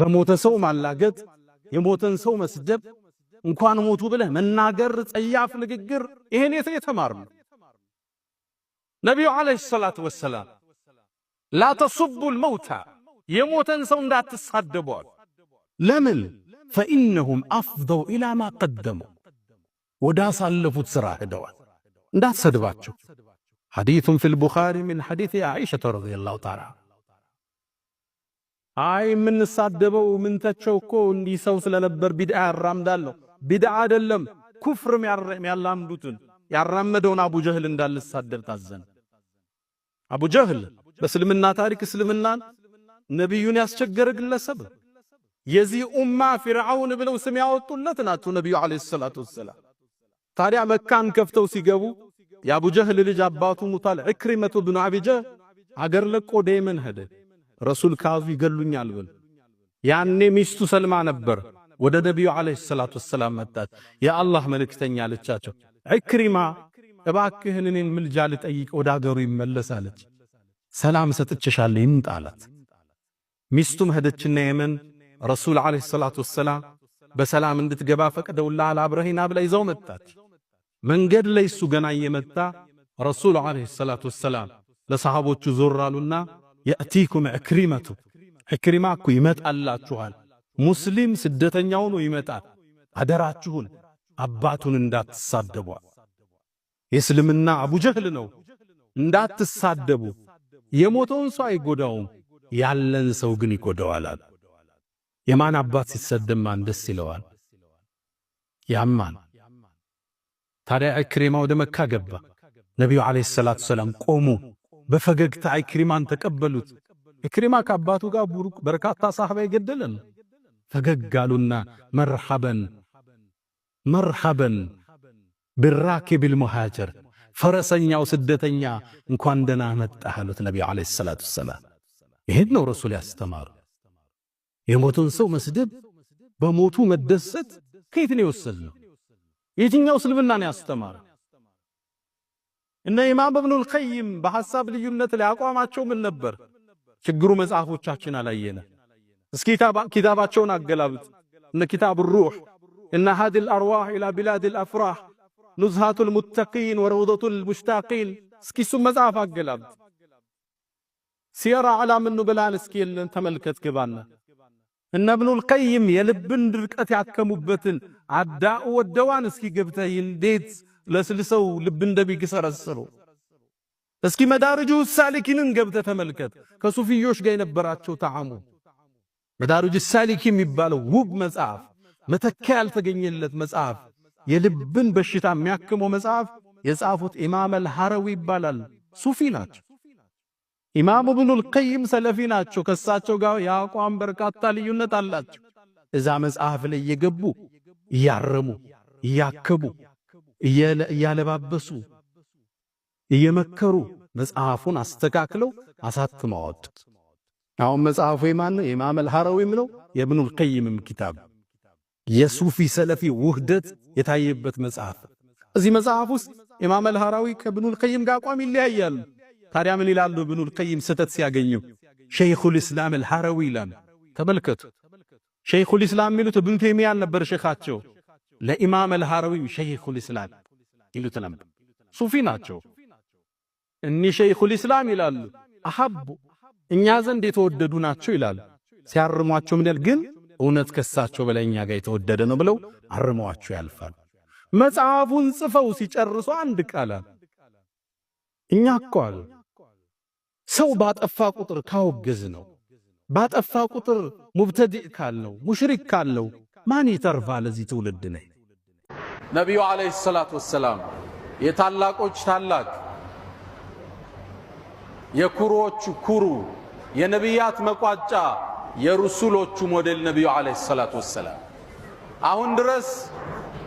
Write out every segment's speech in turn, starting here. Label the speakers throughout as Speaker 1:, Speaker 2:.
Speaker 1: በሞተ ሰው ማላገጥ፣ የሞተን ሰው መስደብ፣ እንኳን ሞቱ ብለህ መናገር፣ ጸያፍ ንግግር። ይሄን የት የተማርነው?
Speaker 2: ነቢዩ ዓለይሂ ሰላቱ ወሰላም ላ መውታ የሞተን ሰው እንዳትሳደቧል። ለምን? ፈኢነሁም አፍደው ኢላ ማ ቀደሙ ወደ ሥራ ሄደዋል። እንዳትሰድባቸው። ሐዲቱን ፊል ቡኻሪ ምን ሐዲት ዓኢሸተ ረዲየላሁ ተዓላ
Speaker 1: አይ የምንሳደበው ምንተቸው እኮ እንዲህ ሰው ስለነበር ቢድዓ ያራምዳለሁ። ቢድዓ አይደለም ኩፍር ያላምዱትን ያራመደውን አቡ ጀህል እንዳልሳደብ ታዘን። አቡ ጀህል በእስልምና ታሪክ እስልምናን ነቢዩን ያስቸገረ ግለሰብ፣ የዚህ ኡማ ፊርዓውን ብለው ስም ያወጡለት ናቸው ነቢዩ ዓለይሂ ሰላቱ ወሰላም። ታዲያ መካን ከፍተው ሲገቡ የአቡ ጀህል ልጅ አባቱ ሙታል ዕክሪመቱ ብኑ አቢ አገር ለቆ ደየመን ሄደ። ረሱል ካዙ ይገሉኛል ብል ያኔ ሚስቱ ሰልማ ነበር። ወደ ነቢዩ ዓለይሂ ሰላቱ ወሰላም መጣች። የአላህ መልእክተኛ አለቻቸው፣ ዕክሪማ እባክህን እኔን ምልጃ ልጠይቅ ወደ አገሩ ይመለሳለች። ሰላም ሰጥቼሻለሁ ይምጣ አላት። ሚስቱም ሄደችና የመን ረሱል ዓለይሂ ሰላቱ ወሰላም በሰላም እንድትገባ ፈቅደውልሃል አብረሂና ብላ ይዘው መጣች። መንገድ ላይ እሱ ገና እየመጣ ረሱሉ ዓለይሂ ሰላቱ ወሰላም ለሰሃቦቹ ዞር አሉና የእቲኩም ዕክሪመቱ ዕክሪማ እኮ ይመጣላችኋል። ሙስሊም ስደተኛ ሆኖ ይመጣል። አደራችሁን አባቱን እንዳትሳደቡ። የእስልምና አቡጀህል ነው። እንዳትሳደቡ። የሞተውን ሰው አይጎዳውም፣ ያለን ሰው ግን ይጎዳዋል። የማን አባት ሲሰደብ ማን ደስ ይለዋል? ያማን። ታዲያ እክሪማ ወደ መካ ገባ። ነቢዩ ዓለይሂ ሰላቱ ሰላም ቆሙ። በፈገግታ ኢክሪማን ተቀበሉት። ኢክሪማ ከአባቱ ጋር ቡሩቅ በርካታ ሳህባ የገደለን ፈገግ አሉና መርሐበን መርሐበን ብራኪብል ሙሃጀር ፈረሰኛው ስደተኛ እንኳን ደህና መጣህ አሉት ነቢዩ ዓለይሂ ሰላቱ ወሰላም። ይሄን ነው ረሱል ያስተማሩ። የሞቱን ሰው መስደብ፣ በሞቱ መደሰት ከየት ነው የወሰድነው? የትኛው እስልምና ነው ያስተማረ? እነ ኢማም ኢብኑል ቀይም በሐሳብ ልዩነት ላይ አቋማቸው ምን ነበር? ችግሩ መጽሐፎቻችን አላየነ። እስኪ ኪታባቸውን አገላብጥ። እነ ኪታብ ሩህ እነ ሃዲል አርዋህ ኢላ ቢላዲል አፍራህ ኑዝሃቱል ሙተቂን ወረውደቱል ሙሽታቂን እስኪ እሱም መጽሐፍ አገላብጥ። ሲየራ ዓላምን ብላን እስኪ የለን ተመልከት ግባና እነ ኢብኑል ቀይም የልብን ድርቀት ያከሙበትን አዳኡ ወደዋን እስኪ ገብተህ እንዴት ለስልሰው ልብ እንደ እንደሚግሰረስሩ እስኪ መዳርጁ ሳሊኪንን ገብተ ተመልከት። ከሱፊዮች ጋር የነበራቸው ተዓሙ መዳርጁ ሳሊኪ የሚባለው ውብ መጽሐፍ፣ መተኪያ ያልተገኘለት መጽሐፍ፣ የልብን በሽታ የሚያክመው መጽሐፍ የጻፉት ኢማም አልሐረዊ ይባላል። ሱፊ ናቸው። ኢማም ኢብኑል ቀይም ሰለፊ ናቸው። ከእሳቸው ጋር የአቋም በርካታ ልዩነት አላቸው። እዛ መጽሐፍ ላይ እየገቡ እያረሙ እያከቡ እያለባበሱ እየመከሩ መጽሐፉን አስተካክለው አሳትመው አሁን መጽሐፉ የማን ነው? የኢማም አልሐራዊም ነው። የኢብኑል ቀይምም ኪታብ የሱፊ ሰለፊ ውህደት የታየበት መጽሐፍ። እዚህ መጽሐፍ ውስጥ ኢማም አልሐራዊ ከኢብኑል ቀይም ጋር አቋም ይለያያሉ። ታዲያ ምን ይላሉ? ኢብኑል ቀይም ስህተት ሲያገኘው ሸይኹል ኢስላም አልሐራዊ ይላሉ። ተመልከቱ። ሸይኹል ኢስላም የሚሉት ኢብኑ ተይሚያን ነበር ሼኻቸው ለኢማም አልሐረዊ ሸይኹል ኢስላም ይሉት ነበር። ሱፊ ናቸው። እኒ ሸይኹል ኢስላም ይላሉ። አሐቡ እኛ ዘንድ የተወደዱ ናቸው ይላሉ። ሲያርሟቸው ምንል ግን እውነት ከሳቸው በላይ እኛ ጋር የተወደደ ነው ብለው አርመዋቸው ያልፋሉ። መጽሐፉን ጽፈው ሲጨርሱ አንድ ቃል አለ። እኛ እኮ አሉ ሰው ባጠፋ ቁጥር ካወገዝ ነው ባጠፋ ቁጥር ሙብተዲዕ ካለው ሙሽሪክ ካለው ማን ይተርፋል? እዚህ ትውልድ ላይ
Speaker 2: ነቢዩ ዓለይሂ ሰላቱ ወሰላም የታላቆች ታላቅ የኩሮቹ ኩሩ የነቢያት መቋጫ የሩሱሎቹ ሞዴል ነቢዩ ዓለይሂ ሰላቱ ወሰላም አሁን ድረስ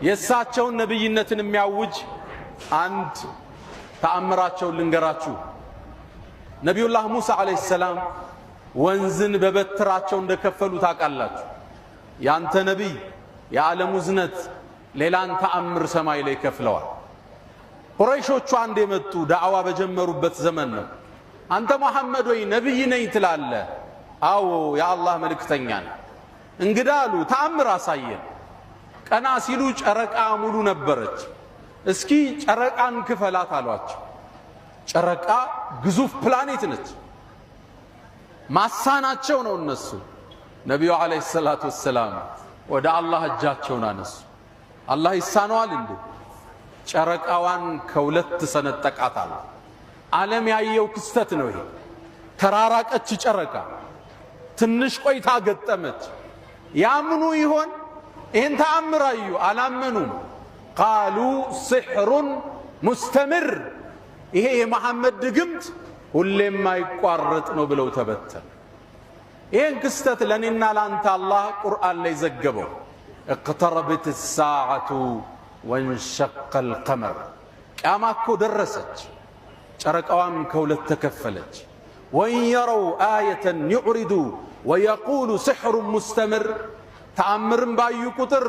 Speaker 2: የእሳቸውን ነቢይነትን የሚያውጅ አንድ ተአምራቸውን ልንገራችሁ። ነቢዩላህ ሙሳ ዓለይሂ ሰላም ወንዝን በበትራቸው እንደከፈሉ ታውቃላችሁ። ያንተ ነቢይ የዓለም ውዝነት ሌላን ተአምር ሰማይ ላይ ከፍለዋል። ቁረይሾቹ አንድ የመጡ ዳዕዋ በጀመሩበት ዘመን ነው። አንተ መሐመድ ወይ ነቢይ ነኝ ትላለ? አዎ የአላህ መልእክተኛ ነኝ። እንግዳ አሉ። ተአምር አሳየን። ቀና ሲሉ ጨረቃ ሙሉ ነበረች። እስኪ ጨረቃን ክፈላት አሏቸው። ጨረቃ ግዙፍ ፕላኔት ነች። ማሳናቸው ነው እነሱ ነቢዩ ዓለይሂ ሰላት ወሰላም ወደ አላህ እጃቸውን አነሱ። አላህ ይሳነዋል እንዴ? ጨረቃዋን ከሁለት ሰነጠቃታል። ዓለም ያየው ክስተት ነው ይሄ። ተራራቀች ጨረቃ፣ ትንሽ ቆይታ ገጠመች። ያምኑ ይሆን ይህን ተአምር አዩ? አላመኑም። ቃሉ ስሕሩን ሙስተምር፣ ይሄ የመሐመድ ድግምት ሁሌም አይቋረጥ ነው ብለው ተበተን ايه انكستت لنين لانت الله قرآن لي زقبه اقتربت الساعة وانشق القمر اما كو درست شرك اوام كولة تكفلت وان يروا آية يعرضوا ويقولوا سحر مستمر تأمر باي قطر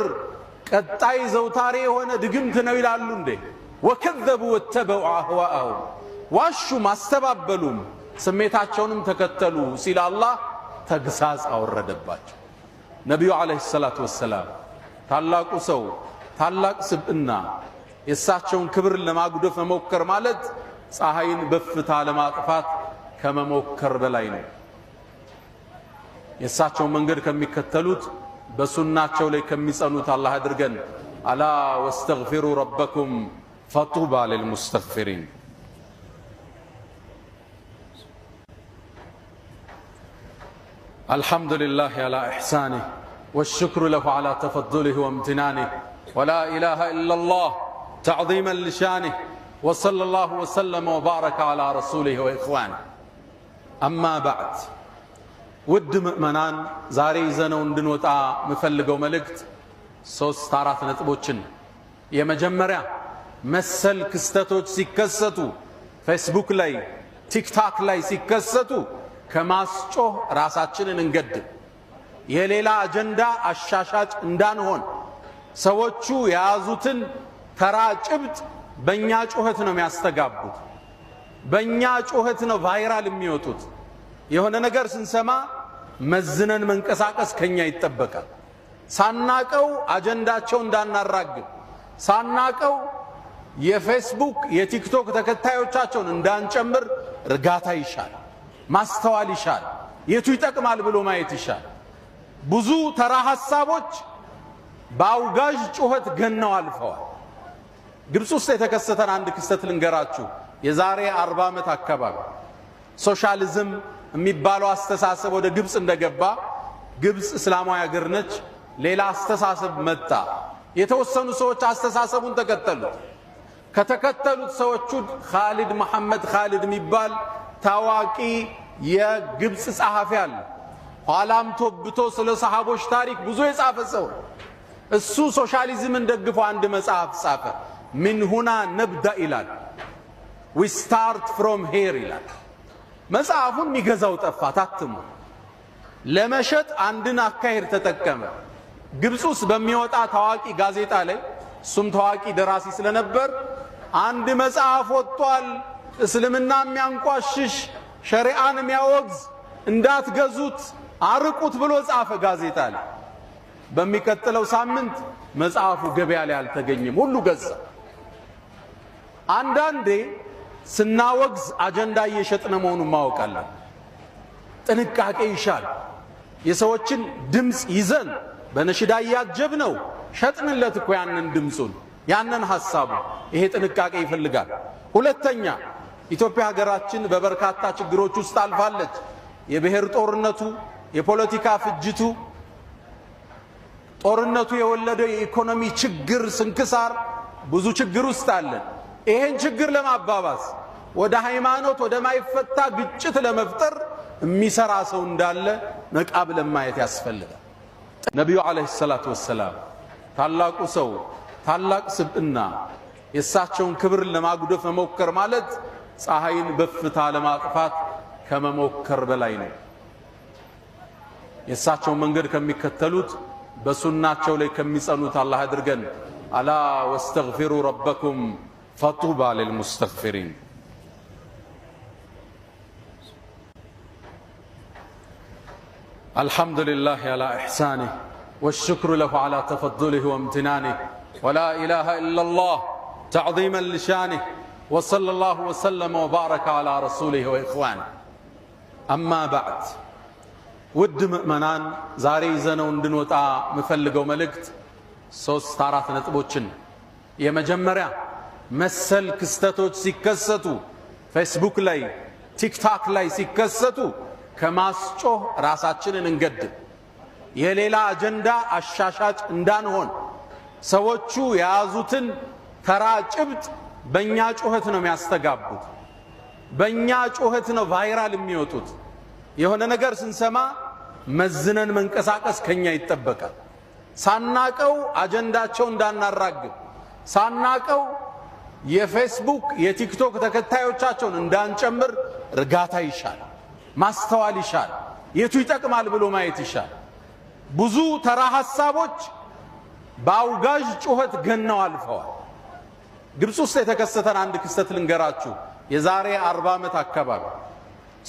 Speaker 2: قطاي زوتاري هنا دقمت نويل اللندي وكذبوا واتبعوا اهواءهم واشوا ما استبابلوا سميتها تكتلوا سيل الله ተግሳጽ አወረደባቸው። ነቢዩ ዓለይሂ ሰላቱ ወሰላም ታላቁ ሰው ታላቅ ስብዕና የእሳቸውን ክብር ለማጉደፍ መሞከር ማለት ፀሐይን በፍታ ለማጥፋት ከመሞከር በላይ ነው። የእሳቸውን መንገድ ከሚከተሉት በሱናቸው ላይ ከሚጸኑት አላህ አድርገን። አላ ወስተግፊሩ ረበኩም ፈጡባ ሊልሙስተግፊሪን الحمد لله على إحسانه والشكر له على تفضله وامتنانه ولا إله إلا الله تعظيما لشانه وصلى الله وسلم وبارك على رسوله وإخوانه أما بعد ود مؤمنان زاري زنو دنوتا مفلقو ملكت سوس تارات نتبوچن يا مجمرة مسل كستتو سيكستو فيسبوك لاي تيك تاك لاي سيكستو ከማስጮህ ራሳችንን እንገድብ። የሌላ አጀንዳ አሻሻጭ እንዳንሆን ሰዎቹ የያዙትን ተራ ጭብጥ በእኛ ጩኸት ነው የሚያስተጋቡት። በእኛ ጩኸት ነው ቫይራል የሚወጡት። የሆነ ነገር ስንሰማ መዝነን መንቀሳቀስ ከኛ ይጠበቃል። ሳናቀው አጀንዳቸው እንዳናራግብ፣ ሳናቀው የፌስቡክ የቲክቶክ ተከታዮቻቸውን እንዳንጨምር እርጋታ ይሻል። ማስተዋል ይሻል፣ የቱ ይጠቅማል ብሎ ማየት ይሻል። ብዙ ተራ ሐሳቦች በአውጋዥ ጩኸት ገነው አልፈዋል። ግብፅ ውስጥ የተከሰተን አንድ ክስተት ልንገራችሁ። የዛሬ አርባ ዓመት አካባቢ ሶሻሊዝም የሚባለው አስተሳሰብ ወደ ግብፅ እንደገባ ግብፅ እስላማዊ አገር ነች። ሌላ አስተሳሰብ መጣ። የተወሰኑ ሰዎች አስተሳሰቡን ተከተሉት። ከተከተሉት ሰዎቹ ካሊድ መሐመድ ካሊድ የሚባል ታዋቂ የግብፅ ጸሐፊ አለ። ኋላም ቶብቶ ስለ ሰሃቦች ታሪክ ብዙ የጻፈ ሰው እሱ ሶሻሊዝምን ደግፎ አንድ መጽሐፍ ጻፈ። ምን ሁና ነብዳ ይላል፣ ዊ ስታርት ፍሮም ሄር ይላል። መጽሐፉን የሚገዛው ጠፋ። ታትሞ ለመሸጥ አንድን አካሄድ ተጠቀመ። ግብፅ ውስጥ በሚወጣ ታዋቂ ጋዜጣ ላይ እሱም ታዋቂ ደራሲ ስለነበር አንድ መጽሐፍ ወጥቷል እስልምና የሚያንቋሽሽ ሸሪዓን የሚያወግዝ እንዳትገዙት አርቁት ብሎ ጻፈ ጋዜጣ ላይ። በሚቀጥለው ሳምንት መጽሐፉ ገበያ ላይ አልተገኘም፣ ሁሉ ገዛ። አንዳንዴ ስናወግዝ አጀንዳ እየሸጥነ መሆኑን ማወቃለን። ጥንቃቄ ይሻል። የሰዎችን ድምፅ ይዘን በነሽዳ እያጀብ ነው ሸጥንለት እኮ ያንን ድምፁን ያንን ሐሳቡ። ይሄ ጥንቃቄ ይፈልጋል። ሁለተኛ ኢትዮጵያ ሀገራችን በበርካታ ችግሮች ውስጥ አልፋለች። የብሔር ጦርነቱ፣ የፖለቲካ ፍጅቱ፣ ጦርነቱ የወለደው የኢኮኖሚ ችግር ስንክሳር፣ ብዙ ችግር ውስጥ አለን። ይሄን ችግር ለማባባስ ወደ ሃይማኖት ወደማይፈታ ግጭት ለመፍጠር የሚሰራ ሰው እንዳለ ነቃ ብለን ማየት ያስፈልጋል። ነቢዩ ዓለይሂ ሰላቱ ወሰላም ታላቁ ሰው ታላቅ ስብዕና የእሳቸውን ክብር ለማጉደፍ መሞከር ማለት ፀሐይን በእፍታ ለማጥፋት ከመሞከር በላይ ነው። የእሳቸውን መንገድ ከሚከተሉት በሱናቸው ላይ ከሚጸኑት አላህ አድርገን። አላ ወስተግፊሩ ረበኩም ፈጡባ ልልሙስተግፊሪን። الحمد لله على إحسانه والشكر له على تفضله وامتنانه ولا إله إلا الله تعظيما لشانه وصلى الله وسلم وبارك على رسوله وإخوانه أما بعد ውድ ምእመናን ዛሬ ይዘነው እንድንወጣ የምፈልገው መልእክት ሶስት አራት ነጥቦችን የመጀመሪያ መሰል ክስተቶች ሲከሰቱ ፌስቡክ ላይ ቲክታክ ላይ ሲከሰቱ ከማስጮህ ራሳችንን እንገድብ። የሌላ አጀንዳ አሻሻጭ እንዳንሆን ሰዎቹ የያዙትን ተራ ጭብጥ በእኛ ጩኸት ነው የሚያስተጋቡት። በእኛ ጩኸት ነው ቫይራል የሚወጡት። የሆነ ነገር ስንሰማ መዝነን መንቀሳቀስ ከኛ ይጠበቃል። ሳናቀው አጀንዳቸው እንዳናራግብ፣ ሳናቀው የፌስቡክ የቲክቶክ ተከታዮቻቸውን እንዳንጨምር እርጋታ ይሻል፣ ማስተዋል ይሻል፣ የቱ ይጠቅማል ብሎ ማየት ይሻል። ብዙ ተራ ሀሳቦች በአውጋዥ ጩኸት ገነው አልፈዋል። ግብፅ ውስጥ የተከሰተን አንድ ክስተት ልንገራችሁ። የዛሬ አርባ ዓመት አካባቢ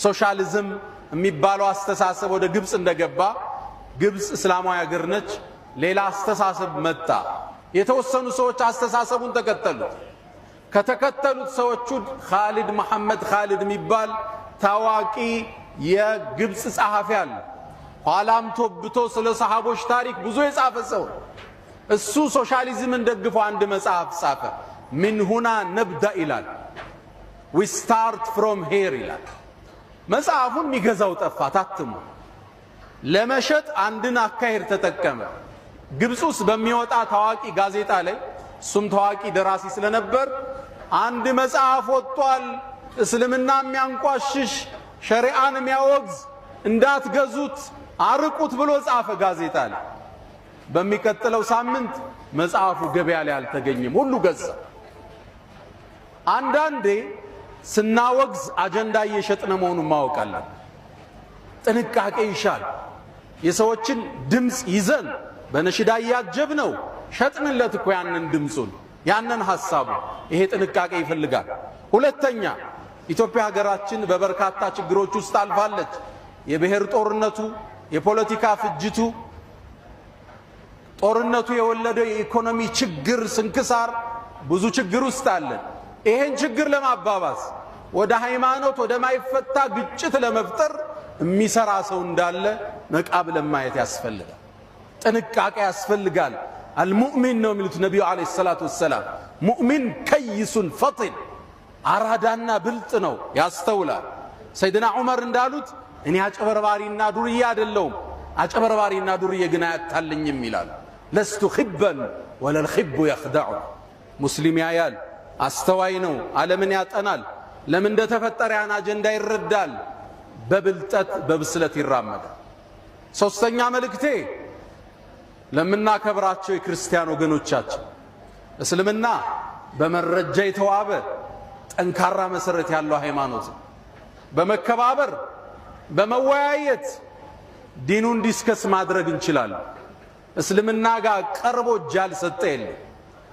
Speaker 2: ሶሻሊዝም የሚባለው አስተሳሰብ ወደ ግብፅ እንደገባ ግብፅ እስላማዊ ሀገር ነች። ሌላ አስተሳሰብ መጣ። የተወሰኑ ሰዎች አስተሳሰቡን ተከተሉት። ከተከተሉት ሰዎቹ ኻሊድ መሐመድ ኻሊድ የሚባል ታዋቂ የግብፅ ጸሐፊ አለ። ኋላም ቶብቶ ስለ ሰሃቦች ታሪክ ብዙ የጻፈ ሰው፣ እሱ ሶሻሊዝምን ደግፎ አንድ መጽሐፍ ጻፈ። ምን ሁና ነብዳ ይላል። ዊ ስታርት ፍሮም ሄር ይላል። መጽሐፉን የሚገዛው ጠፋ። ታትሞ ለመሸጥ አንድን አካሄድ ተጠቀመ። ግብፅ ውስጥ በሚወጣ ታዋቂ ጋዜጣ ላይ እሱም ታዋቂ ደራሲ ስለነበር አንድ መጽሐፍ ወጥቷል፣ እስልምና የሚያንቋሽሽ ሸሪዓን የሚያወግዝ እንዳትገዙት አርቁት ብሎ ጻፈ ጋዜጣ ላይ። በሚቀጥለው ሳምንት መጽሐፉ ገበያ ላይ አልተገኘም፣ ሁሉ ገዛ። አንዳንዴ ስናወግዝ አጀንዳ እየሸጥነ መሆኑን ማወቃለን። ጥንቃቄ ይሻል። የሰዎችን ድምፅ ይዘን በነሽዳ እያጀብ ነው ሸጥንለት እኮ ያንን ድምፁን ያንን ሐሳቡ። ይሄ ጥንቃቄ ይፈልጋል። ሁለተኛ ኢትዮጵያ ሀገራችን በበርካታ ችግሮች ውስጥ አልፋለች። የብሔር ጦርነቱ፣ የፖለቲካ ፍጅቱ፣ ጦርነቱ የወለደው የኢኮኖሚ ችግር ስንክሳር፣ ብዙ ችግር ውስጥ አለን። ይሄን ችግር ለማባባስ ወደ ሃይማኖት ወደማይፈታ ግጭት ለመፍጠር የሚሰራ ሰው እንዳለ መቃብለን ማየት ያስፈልጋል። ጥንቃቄ ያስፈልጋል። አልሙእሚን ነው የሚሉት ነቢዩ ዓለይሂ ሰላቱ ወሰላም። ሙእሚን ከይሱን ፈጢን አራዳና ብልጥ ነው፣ ያስተውላል። ሰይድና ዑመር እንዳሉት እኔ አጭበርባሪና ዱርዬ አይደለውም፣ አጨበርባሪና ዱርዬ ግን አያታልኝም ይላል። ለስቱ ኺበን ወለልኺቡ የኽደዑ ሙስሊም ያያል አስተዋይ ነው። ዓለምን ያጠናል። ለምን እንደተፈጠረ ያን አጀንዳ ይረዳል። በብልጠት በብስለት ይራመዳል። ሶስተኛ መልእክቴ ለምናከብራቸው የክርስቲያን ወገኖቻችን እስልምና በመረጃ የተዋበ ጠንካራ መሰረት ያለው ሃይማኖት በመከባበር በመወያየት ዲኑን ዲስከስ ማድረግ እንችላለን። እስልምና ጋር ቀርቦ እጅ ያልሰጠ የለም።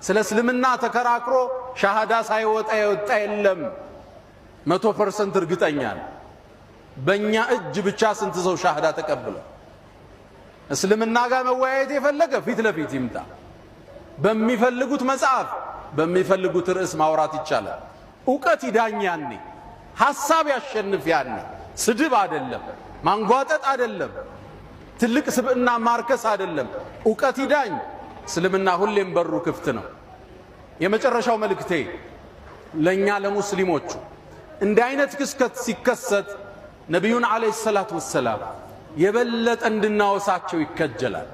Speaker 2: ስለ እስልምና ተከራክሮ ሻሃዳ ሳይወጣ የወጣ የለም። መቶ ፐርሰንት እርግጠኛ ነው። በእኛ እጅ ብቻ ስንት ሰው ሻሃዳ ተቀብለ። እስልምና ጋር መወያየት የፈለገ ፊት ለፊት ይምጣ። በሚፈልጉት መጽሐፍ፣ በሚፈልጉት ርዕስ ማውራት ይቻላል። እውቀት ይዳኝ ያኔ፣ ሐሳብ ያሸንፍ ያኔ። ስድብ አይደለም፣ ማንጓጠጥ አይደለም፣ ትልቅ ስብዕና ማርከስ አይደለም። እውቀት ይዳኝ። እስልምና ሁሌም በሩ ክፍት ነው። የመጨረሻው መልእክቴ ለእኛ ለሙስሊሞቹ እንዲህ አይነት ክስከት ሲከሰት ነቢዩን ዓለይሂ ሰላት ወሰላም የበለጠ እንድናወሳቸው ይከጀላል።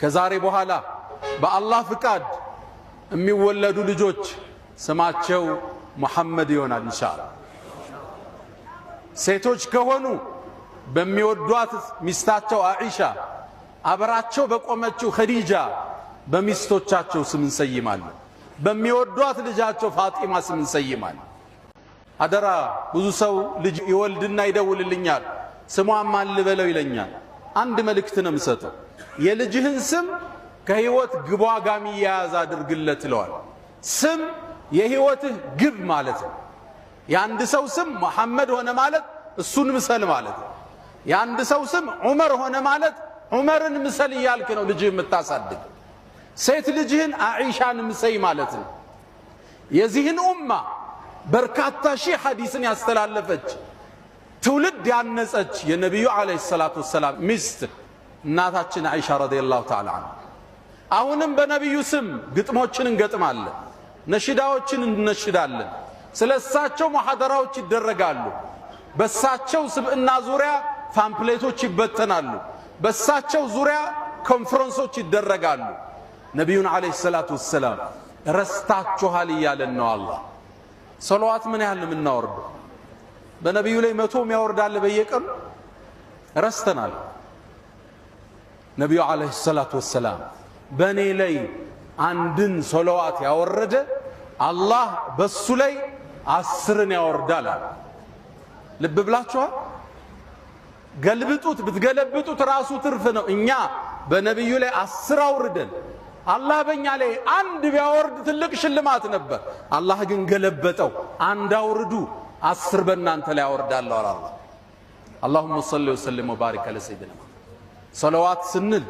Speaker 2: ከዛሬ በኋላ በአላህ ፍቃድ የሚወለዱ ልጆች ስማቸው ሙሐመድ ይሆናል ኢንሻአላህ። ሴቶች ከሆኑ በሚወዷት ሚስታቸው አኢሻ አብራቸው በቆመችው ኸዲጃ በሚስቶቻቸው ስም እንሰይማለን። በሚወዷት ልጃቸው ፋጢማ ስም እንሰይማለን። አደራ ብዙ ሰው ልጅ ይወልድና ይደውልልኛል፣ ስሟን ማን ልበለው ይለኛል። አንድ መልእክት ነው የምሰጠው፣ የልጅህን ስም ከህይወት ግቧ ጋር የሚያያዝ አድርግለት ይለዋል። ስም የህይወትህ ግብ ማለት ነው። የአንድ ሰው ስም መሐመድ ሆነ ማለት እሱን ምሰል ማለት ነው። የአንድ ሰው ስም ዑመር ሆነ ማለት ዑመርን ምሰል እያልክ ነው ልጅህ የምታሳድግ። ሴት ልጅህን አኢሻን ምሰይ ማለት ነው። የዚህን ኡማ በርካታ ሺህ ሐዲስን ያስተላለፈች ትውልድ ያነጸች የነቢዩ ዓለይሂ ሰላቱ ወሰላም ሚስት እናታችን አኢሻ ረዲየላሁ ተዓላ ዐንሃ። አሁንም በነቢዩ ስም ግጥሞችን እንገጥማለን፣ ነሽዳዎችን እንነሽዳለን። ስለ እሳቸው መሐደራዎች ይደረጋሉ። በእሳቸው ስብዕና ዙሪያ ፓምፕሌቶች ይበተናሉ። በእሳቸው ዙሪያ ኮንፈረንሶች ይደረጋሉ። نبينا عليه الصلاة والسلام رستات شهاليا لنو الله صلوات من أهل من نور بنبي لي متوم يا ورد على بيكم رستنا نبي عليه الصلاة والسلام بني لي عندن صلوات يا ورد الله بس لي عصرني يا ورد على لب بلاتشوا قلبتوت بتقلبتوت راسو ترفنو إنيا بنبي لي عصر أوردن አላህ በእኛ ላይ አንድ ቢያወርድ ትልቅ ሽልማት ነበር። አላህ ግን ገለበጠው። አንድ አውርዱ፣ አስር በእናንተ ላይ አወርዳለሁ አለ አላህ። አላሁመ ሰሊ ወሰልም ወባሪክ አለ ሰይድና ሰለዋት ስንል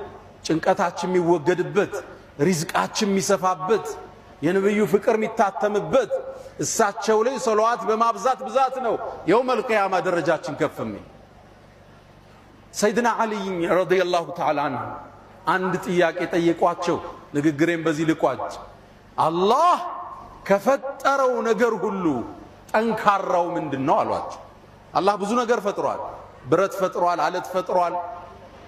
Speaker 2: ጭንቀታችን የሚወገድበት፣ ሪዝቃችን የሚሰፋበት፣ የነብዩ ፍቅር የሚታተምበት እሳቸው ላይ ሰለዋት በማብዛት ብዛት ነው የውመል ቂያማ ደረጃችን ከፍ የሚል ሰይድና ዓሊይ ረዲየላሁ ተዓላ አንሁ አንድ ጥያቄ ጠይቋቸው ንግግሬን በዚህ ልቋጭ። አላህ ከፈጠረው ነገር ሁሉ ጠንካራው ምንድን ነው አሏቸው። አላህ ብዙ ነገር ፈጥሯል። ብረት ፈጥሯል፣ አለት ፈጥሯል፣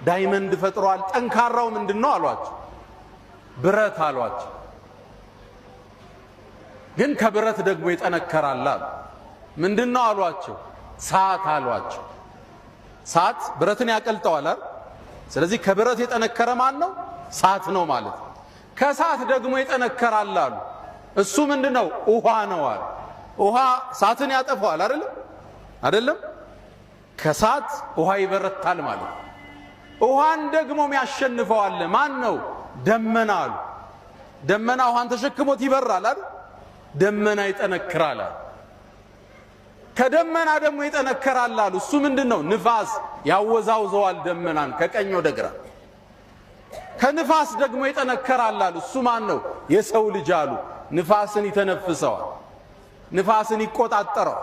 Speaker 2: ዳይመንድ ፈጥሯል። ጠንካራው ምንድን ነው አሏቸው። ብረት አሏቸው። ግን ከብረት ደግሞ ይጠነከራል አሉ። ምንድን ነው አሏቸው። ሰዓት አሏቸው። ሰዓት ብረትን ያቀልጠዋል አይደል? ስለዚህ ከብረት የጠነከረ ማን ነው? እሳት ነው ማለት ነው። ከእሳት ደግሞ ይጠነከራል አሉ። እሱ ምንድን ነው? ውሃ ነው አሉ። ውሃ እሳትን ያጠፈዋል አይደለም አይደለም። ከእሳት ውሃ ይበረታል ማለት ነው። ውሃን ደግሞም ያሸንፈዋል ማን ነው? ደመና አሉ። ደመና ውሃን ተሸክሞት ይበራል አይደል? ደመና ይጠነክራል አሉ። ከደመና ደግሞ ይጠነከራል አሉ። እሱ ምንድን ነው? ንፋስ ያወዛውዘዋል ደመናን ከቀኝ ወደ ግራ። ከንፋስ ደግሞ ይጠነከራል አሉ። እሱ ማን ነው? የሰው ልጅ አሉ። ንፋስን ይተነፍሰዋል፣ ንፋስን ይቆጣጠረዋል።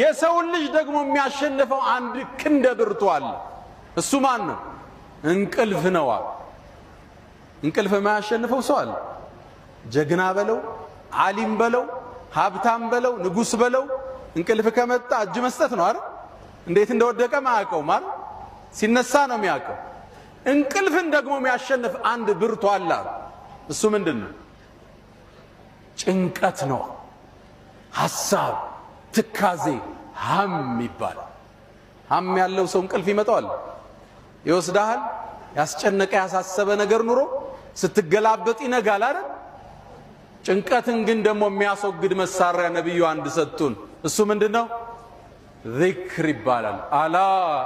Speaker 2: የሰውን ልጅ ደግሞ የሚያሸንፈው አንድ ክንደ ብርቱ አለ። እሱ ማን ነው? እንቅልፍ ነው አሉ። እንቅልፍ የማያሸንፈው ሰው አለ። ጀግና በለው አሊም በለው ሀብታም በለው ንጉስ በለው እንቅልፍ ከመጣ እጅ መስጠት ነው አይደል? እንዴት እንደወደቀ ማያውቀው ማር ሲነሳ ነው የሚያውቀው። እንቅልፍን ደግሞ የሚያሸንፍ አንድ ብርቱ አለ። እሱ ምንድን ነው? ጭንቀት ነው። ሀሳብ፣ ትካዜ፣ ሀም ይባላል። ሀም ያለው ሰው እንቅልፍ ይመጣዋል፣ ይወስዳሃል። ያስጨነቀ ያሳሰበ ነገር ኑሮ ስትገላበጥ ይነጋል አይደል? ጭንቀትን ግን ደግሞ የሚያስወግድ መሳሪያ ነቢዩ አንድ ሰጡን። እሱ ምንድን ነው? ዚክር ይባላል። አላ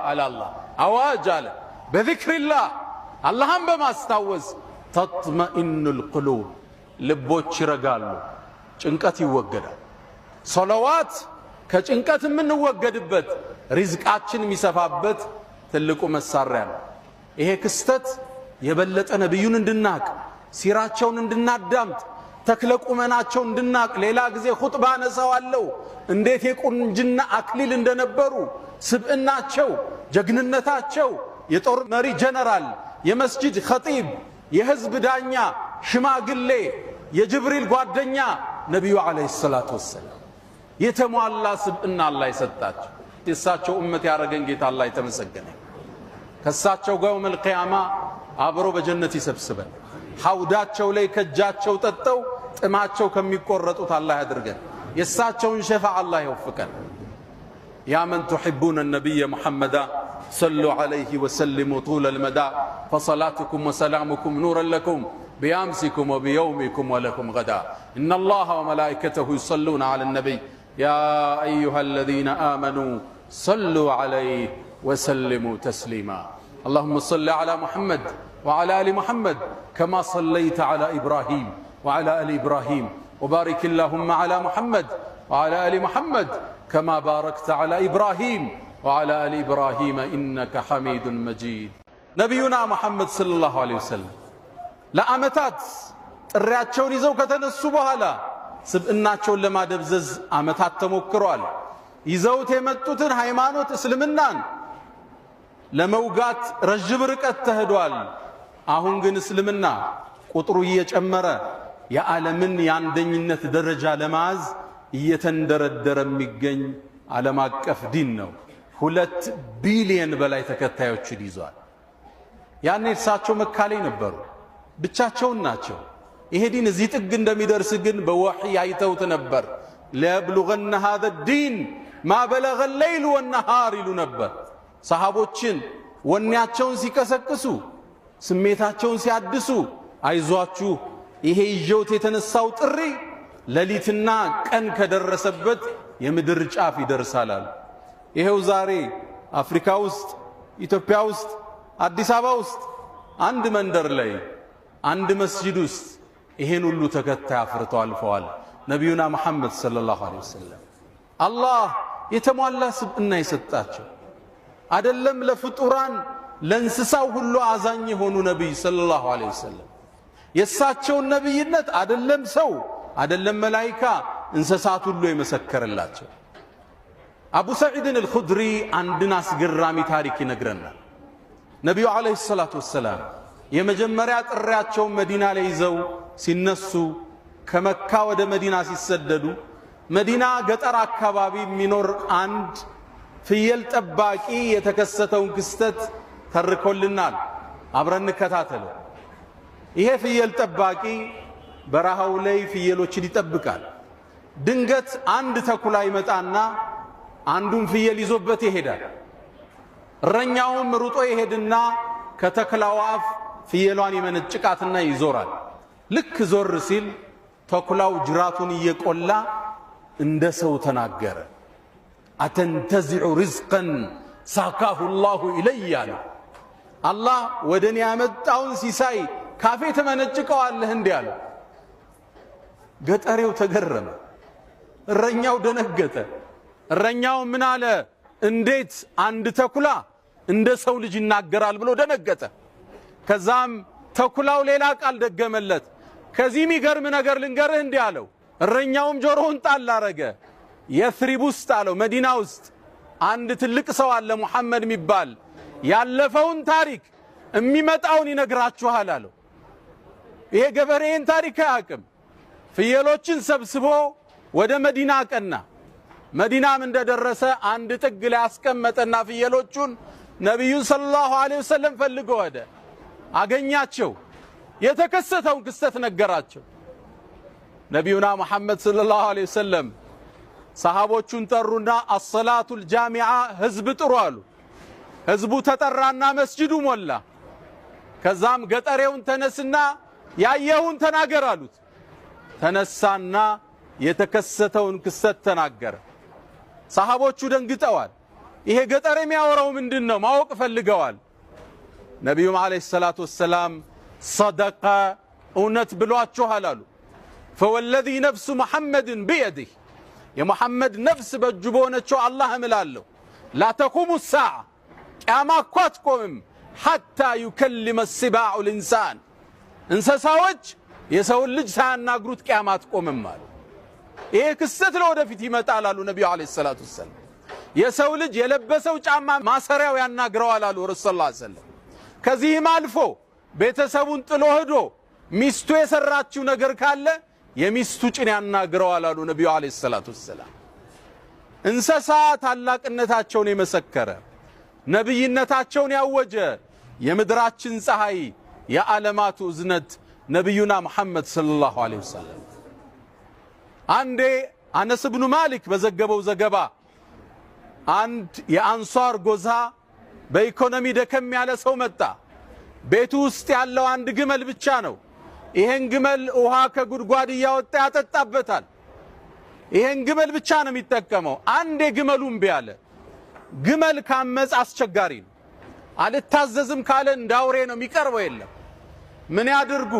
Speaker 2: አላላ አዋጅ አለ በዚክሪላህ አላህን በማስታወስ ተጥመኢኑ ልቁሉብ ልቦች ይረጋሉ፣ ጭንቀት ይወገዳል። ሶለዋት ከጭንቀት የምንወገድበት ሪዝቃችን የሚሰፋበት ትልቁ መሳሪያ ነው። ይሄ ክስተት የበለጠ ነቢዩን እንድናቅ ሲራቸውን እንድናዳምጥ ቁመናቸው እንድናቅ ሌላ ጊዜ ሁጥባ ነሳዋለው። እንዴት የቁንጅና አክሊል እንደነበሩ ስብዕናቸው፣ ጀግንነታቸው፣ የጦር መሪ ጀነራል፣ የመስጂድ ኸጢብ፣ የህዝብ ዳኛ፣ ሽማግሌ፣ የጅብሪል ጓደኛ ነቢዩ ዓለይሂ ሰላቱ ወሰላም የተሟላ ስብዕና አላ ይሰጣቸው። የእሳቸው እመት ያደረገን ጌታ አላህ የተመሰገነ ከእሳቸው ጋር የውመል ቂያማ አብሮ በጀነት ይሰብስበን። حوداتشو ليك جاتشو تتو تماتشو كم يقرطو الله يدرغن يساتشون شفع الله يوفقن يا من تحبون النبي محمدا صلوا عليه وسلموا طول المدى فصلاتكم وسلامكم نورا لكم بامسكم وبيومكم ولكم غدا ان الله وملائكته يصلون على النبي يا ايها الذين امنوا صلوا عليه وسلموا تسليما اللهم صل على محمد وعلى آل محمد كما صليت على إبراهيم وعلى آل إبراهيم وبارك اللهم على محمد وعلى آل محمد كما باركت على إبراهيم وعلى آل إبراهيم إنك حميد مجيد نبينا محمد ነቢዩና መሐመድ ሰለላሁ ዐለይሂ لا ለአመታት ጥሪያቸውን ይዘው ከተነሱ በኋላ ስብዕናቸውን ለማደብዘዝ አመታት ተሞክሯል። ይዘውት የመጡትን ሃይማኖት እስልምናን ለመውጋት ረዥም ርቀት ተሄዷል። አሁን ግን እስልምና ቁጥሩ እየጨመረ የዓለምን የአንደኝነት ደረጃ ለማዝ እየተንደረደረ የሚገኝ ዓለም አቀፍ ዲን ነው። ሁለት ቢሊየን በላይ ተከታዮችን ይዟል። ያኔ እርሳቸው መካ ላይ ነበሩ፣ ብቻቸውን ናቸው። ይሄ ዲን እዚህ ጥግ እንደሚደርስ ግን በወሕይ አይተውት ነበር። ለብሉገና ሃዘ ዲን ማበለገ ሌይል ወነሃር ይሉ ነበር። ሰሃቦችን ወኔያቸውን ሲቀሰቅሱ ስሜታቸውን ሲያድሱ አይዟችሁ ይሄ ይዤውት የተነሳው ጥሪ ሌሊትና ቀን ከደረሰበት የምድር ጫፍ ይደርሳል አሉ። ይሄው ዛሬ አፍሪካ ውስጥ፣ ኢትዮጵያ ውስጥ፣ አዲስ አበባ ውስጥ አንድ መንደር ላይ አንድ መስጂድ ውስጥ ይሄን ሁሉ ተከታይ አፍርተው አልፈዋል። ነቢዩና መሐመድ ሰለላሁ ዐለይሂ ወሰለም አላህ የተሟላ ስብዕና የሰጣቸው አይደለም ለፍጡራን ለእንስሳው ሁሉ አዛኝ የሆኑ ነቢይ ሰለላሁ ዐለይሂ ወሰለም የእሳቸውን ነቢይነት አደለም ሰው አደለም መላይካ እንስሳት ሁሉ የመሰከረላቸው። አቡ ሰዒድን አልኹድሪ አንድን አስገራሚ ታሪክ ይነግረናል። ነቢዩ ዐለይሂ ሰላቱ ወሰላም የመጀመሪያ ጥሪያቸውን መዲና ላይ ይዘው ሲነሱ ከመካ ወደ መዲና ሲሰደዱ መዲና ገጠር አካባቢ የሚኖር አንድ ፍየል ጠባቂ የተከሰተውን ክስተት ተርኮልናል። አብረን እንከታተለው። ይሄ ፍየል ጠባቂ በረሃው ላይ ፍየሎችን ይጠብቃል። ድንገት አንድ ተኩላ ይመጣና አንዱን ፍየል ይዞበት ይሄዳል። እረኛውም ሩጦ ይሄድና ከተኩላው አፍ ፍየሏን ይመነጭቃትና ይዞራል። ልክ ዞር ሲል ተኩላው ጅራቱን እየቆላ እንደ ሰው ተናገረ። አተንተዚዑ ሪዝቀን ሳካሁ ላሁ ኢለይ አለ። አላህ ወደ እኔ ያመጣውን ሲሳይ ካፌ ተመነጭቀዋለህ እንዲህ አለ። ገጠሬው ተገረመ፣ እረኛው ደነገጠ። እረኛው ምን አለ? እንዴት አንድ ተኩላ እንደ ሰው ልጅ ይናገራል ብሎ ደነገጠ። ከዛም ተኩላው ሌላ ቃል ደገመለት። ከዚህ የሚገርም ነገር ልንገርህ እንዲህ አለው። እረኛውም ጆሮውን ጣል አረገ። የፍሪብ ውስጥ አለው መዲና ውስጥ አንድ ትልቅ ሰው አለ ሙሐመድ የሚባል ያለፈውን ታሪክ የሚመጣውን ይነግራችኋል አለው። ይሄ ገበሬን ታሪክ አያውቅም። ፍየሎችን ሰብስቦ ወደ መዲና ቀና። መዲናም እንደደረሰ አንድ ጥግ ላይ አስቀመጠና ፍየሎቹን ነቢዩን ሰለላሁ ዐለይሂ ወሰለም ፈልጎ ወደ አገኛቸው። የተከሰተውን ክስተት ነገራቸው። ነቢዩና መሐመድ ሰለላሁ ዐለይሂ ወሰለም ሰሃቦቹን ጠሩና አሰላቱል ጃሚዓ ህዝብ ጥሩ አሉ። ህዝቡ ተጠራና መስጅዱ ሞላ። ከዛም ገጠሬውን ተነስና ያየውን ተናገር አሉት። ተነሳና የተከሰተውን ክስተት ተናገረ። ሰሃቦቹ ደንግጠዋል። ይሄ ገጠር የሚያወራው ምንድን ነው? ማወቅ ፈልገዋል። ነቢዩም ዓለይሂ ሰላቱ ወሰላም ሰደቀ እውነት ብሏችኋል አሉ። ፈወለዚ ነፍሱ መሐመድን ብየድህ የመሐመድ ነፍስ በእጁ በሆነችው አላህ እምላለሁ ላተቁሙ ሰዓ ቅያማ እኮ አትቆምም ሐታ ዩከልመ ሲባዑ ልኢንሳን እንስሳዎች የሰውን ልጅ ሳያናግሩት ቅያማ አትቆምም አሉ። ይሄ ክስተት ለወደፊት ይመጣል አሉ ነቢዩ ዓለይሂ ሰላቱ ወሰላም። የሰው ልጅ የለበሰው ጫማ ማሰሪያው ያናግረዋል አሉ ረሱ ላ ሰለም። ከዚህም አልፎ ቤተሰቡን ጥሎ ሂዶ ሚስቱ የሰራችው ነገር ካለ የሚስቱ ጭን ያናግረዋል አሉ ነቢዩ ዓለይሂ ሰላቱ ወሰላም። እንስሳ ታላቅነታቸውን የመሰከረ ነብይነታቸውን ያወጀ የምድራችን ፀሐይ የዓለማቱ እዝነት ነቢዩና መሐመድ ሰለላሁ ዐለይሂ ወሰለም። አንዴ አነስ ብኑ ማሊክ በዘገበው ዘገባ አንድ የአንሷር ጎዛ በኢኮኖሚ ደከም ያለ ሰው መጣ። ቤቱ ውስጥ ያለው አንድ ግመል ብቻ ነው። ይሄን ግመል ውሃ ከጉድጓድ እያወጣ ያጠጣበታል። ይሄን ግመል ብቻ ነው የሚጠቀመው። አንዴ ግመሉ እምቢ አለ። ግመል ካመፅ አስቸጋሪ ነው። አልታዘዝም ካለ እንዳውሬ ነው የሚቀርበው። የለም ምን ያድርጉ?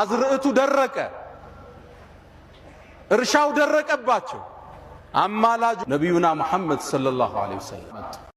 Speaker 2: አዝርዕቱ ደረቀ፣ እርሻው ደረቀባቸው። አማላጅ ነቢዩና ሙሐመድ ሰለላሁ ዐለይሂ ወሰለም